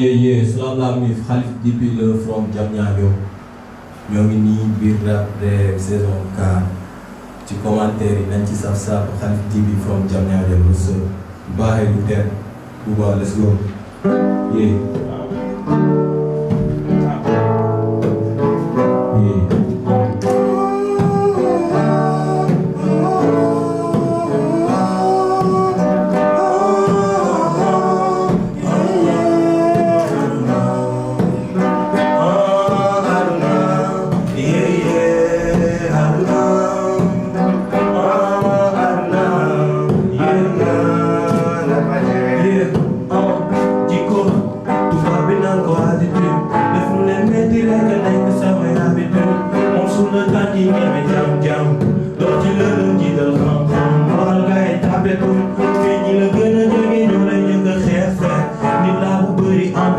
yéyé Salam La Mif xalif depuis le from Diamniadio ñoo ngi nii biir rap de saison 4 ci commentaire yi nañ ci saf saf xalif from Diamniadio lu së baaxee du teel bu baax let's go yéy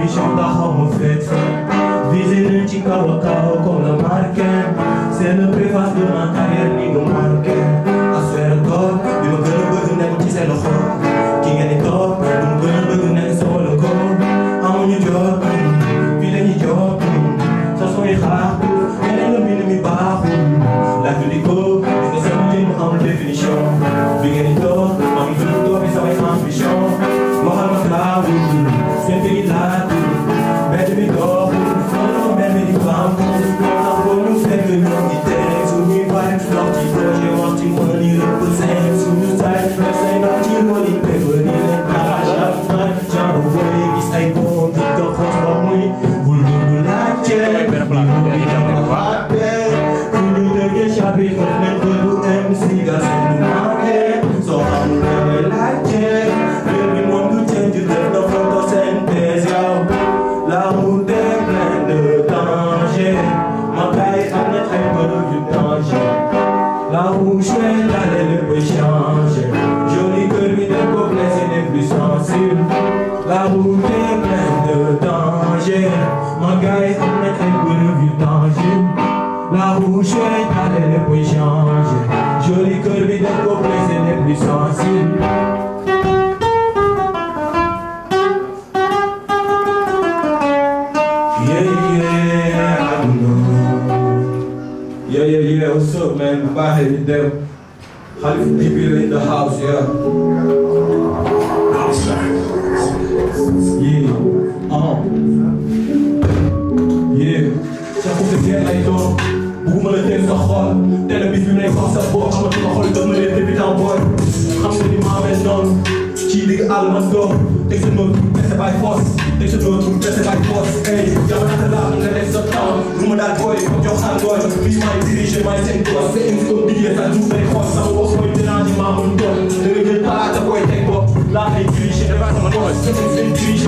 bichon d'arôme fait Visez le ticao com comme la marque C'est le préface de ma plein de dangers Mon gars est pour le vieux danger La rouge est allée pour changer Joli corps de complexe n'est plus sensible Yeah, yeah, yeah, what's up, man? Bye, Halif Jibril in the house, yeah. Oh. Yeah. jàpp te seen lay doon bugguma la teel sa xol télé bi fi mu nekk sax sa bopp amatuma xol dama leen débutant booy xam nga ni maa mel noonu ci digg àll man doom teg sa noonu pour pese by force teg sa noonu pour pese by force. hey yow naka laa nga nekk sa temps lu ma daal booy jox xaar booy bii maay dirigé maay seen tool c'est une comme diggé sa jour day xool sama wax mooy dinaa ni maa mën doon da nga jël paata booy teg bopp laa ay dirigé dafa sama bopp c'est une dirigé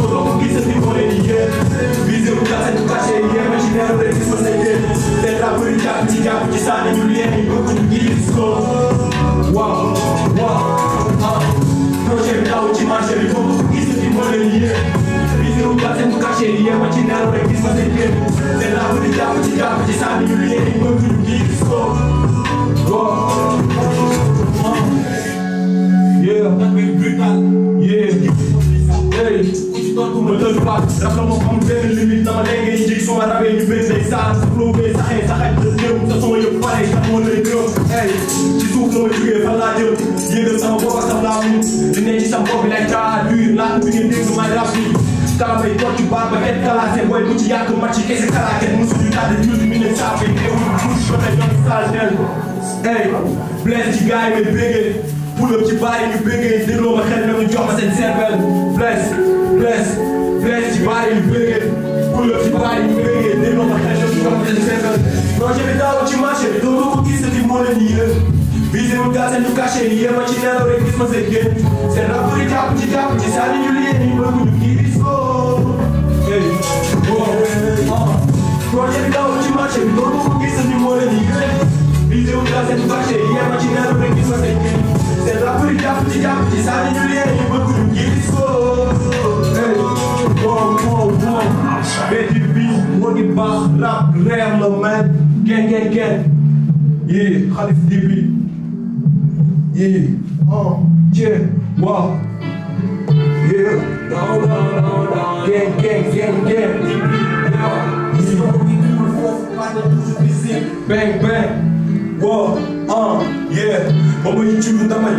tot hoe mijn deur was. Dat kan nog gewoon weer een limiet naar mijn eigen injectie. Zomaar daar ben je weer deze zaad. Probeer zijn eens, zag ik de sneeuw. Dat zo'n eu pijn, dat gewoon een deur. Hey, je zoekt nooit weer van laat je. Je doet zo'n boven, dat laat niet. Je neemt je zo'n boven, lijkt daar. Duur, laat me je dingen, maar dat niet. Daarom ben je tot je barba, het kalas. En boy, moet je jagen, maar je kent ze kalas. Het moest je daar de duur, de minuten samen. Ik moet je wat ik dan staat. Hey, bless die guy with bigot. puudar ci baar yi ñu bëggee dégloo ma xel ñu jox ma seen cervelle bless bless bless ci baar yi ñu bëggee puudar ci baar yi ñu bëggee dégloo ma xel ñu jox ma seen cervelle projet bi daaw ci marché bi doo ko gisati moo leen yii la visé wu gaa seen ñu caché yi yéema ci nelaw rek gis ma seen génn seen rapport yi jàpp ci jàpp ci saa ñu liyee ñu bëgguñu kii bi soo hey wow projet bi daaw ci marché bi doo ko gisati moo leen yii la visé wu gaa seen ñu caché yi yéema ci nelaw pas jàpp ci saa yu ñu leen wow wow wow. Gang, il gang, gang, gang, gang. bang bang.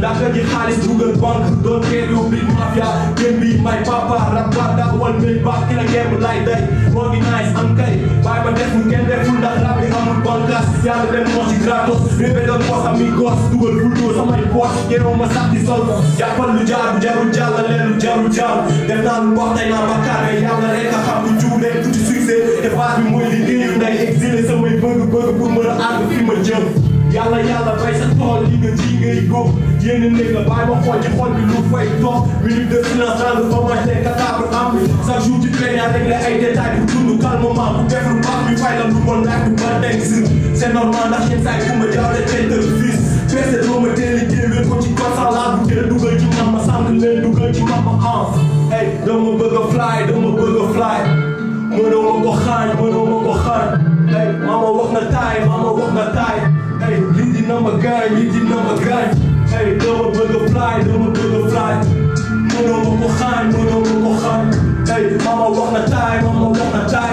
daaka ji xaalis dugal banque doon kenn yu big mafia kenn bi may papa rab ba daawal mbay baax ki la ngeen lay day moo ngi nice am kay bàyyi ba deful kenn deful ndax rab bi amul bankas yàlla dem moo ci gratos répé doon pos ami gos dugal fultoo samay poos ñemewu ma sax di sol jàppal lu jaar jarul jàll leen lu jarul jaar def naa lu wax tey naa bakkaar mais yàlla rek a xam lu juu nekk tuuti succès te baax bi mooy liggéeyu nday exilé samay bëgg bëgg pour mën a àgg fi ma jëm yàlla yàlla bay sa tool yi nga ji ngay góob yéen a nekk bàyyi ma xool ci xol bi lu fay toog minute de silence dans le fromage des cadavres am bi chaque jour ci plaignant rek la ay détails bu dund calmement bu def lu baax ñu fay la lu bon ndax du ba teg si c'est normal ndax yenn saa yi ku ma jaawle tête de fils peese doo ma teel a jëlee ko ci kaw sax laa bu teel dugal ci mama sànq ci mama ans hey dama bëgg a fly dama bëgg a fly mënoo ma ko xaañ mënoo ma ko xaañ hey mama wax na taay mama wax na magari, idzie na magari Ej, nowa butterfly, nowa butterfly Mono mo kochań, mono mo kochań Ej, mama łach na taj, mama łach na taj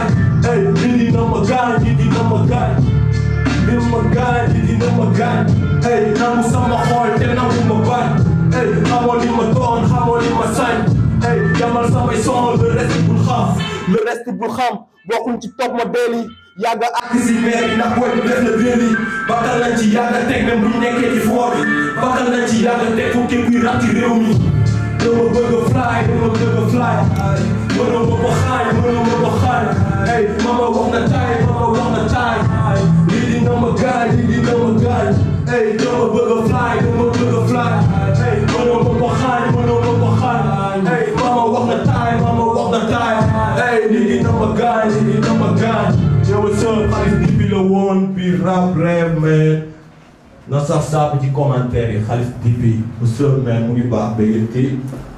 Ej, idzie na magari, idzie na magari Nie magari, idzie na magari Ej, namu samochód, ten namu magari Ej, hamoli ma ton, hamoli ma sań Ey, jamal samay son, le reste boulkham Le reste boulkham, bokkun ci top modèle yi yàgg anticiper yi ndax booy bi def na bien lii bakkal nañ ci yàgg teg même bu ñu nekkee ci foor bi bakkal nañ ci yàgg teg pour képp kuy ràcc ci réew mi dama bëgg a fly dama bëgg a fly mënoo ma ko xaaj mënoo ma ko xaaj ay mama wax na taay mama wax na taay lii di nama gaay lii di nama gaay ay dama bëgg a fly dama bëgg fly ay mënoo ma ko xaaj mënoo ma ko xaaj ay mama wax na taay mama wax na taay ay lii di nama gaay lii di nama xaalis dippi la woon bi rap rev mais na saf sapp ci commentaire yi xaalis dippi monsieur mu ngi baax